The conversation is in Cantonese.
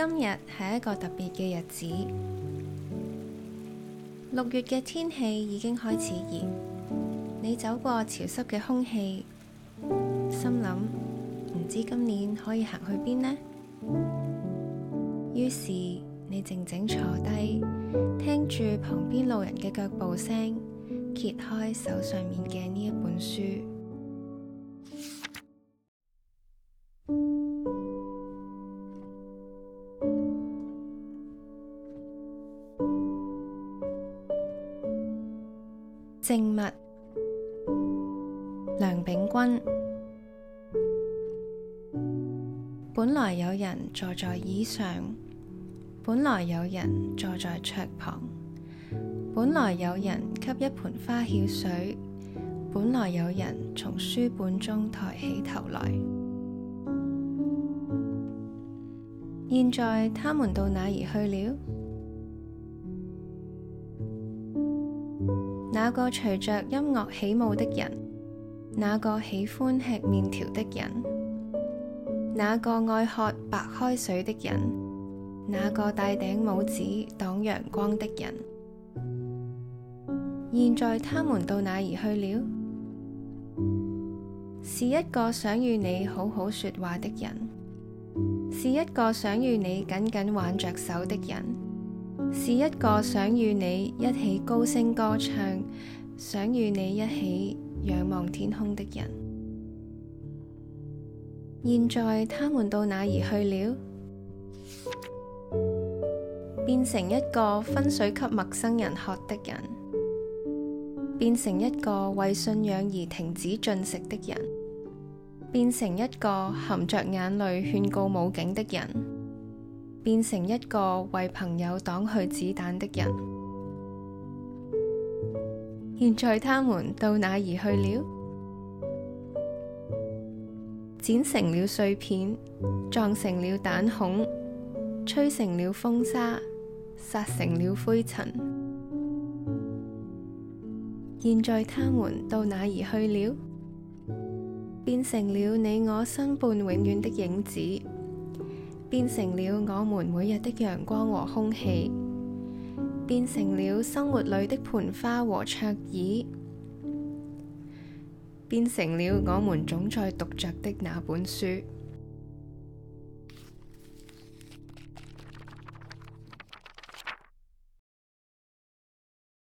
今日係一個特別嘅日子。六月嘅天氣已經開始熱，你走過潮濕嘅空氣，心諗唔知今年可以行去邊呢？於是你靜靜坐低，聽住旁邊路人嘅腳步聲，揭開手上面嘅呢一本書。靜物，梁秉鈞。本來有人坐在椅上，本來有人坐在桌旁，本來有人給一盆花澆水，本來有人從書本中抬起頭來。現在他們到哪兒去了？那個隨着音樂起舞的人，那個喜歡吃麵條的人，那個愛喝白開水的人，那個戴頂帽子擋陽光的人，現在他們到哪兒去了？是一個想與你好好說話的人，是一個想與你緊緊挽着手的人。是一個想與你一起高聲歌唱、想與你一起仰望天空的人。現在他們到哪兒去了？變成一個分水給陌生人喝的人，變成一個為信仰而停止進食的人，變成一個含着眼淚勸告武警的人。變成一個為朋友擋去子彈的人。現在他們到哪兒去了？剪成了碎片，撞成了彈孔，吹成了風沙，殺成了灰塵。現在他們到哪兒去了？變成了你我身伴永遠的影子。變成了我們每日的陽光和空氣，變成了生活裏的盆花和桌椅，變成了我們總在讀着的那本書。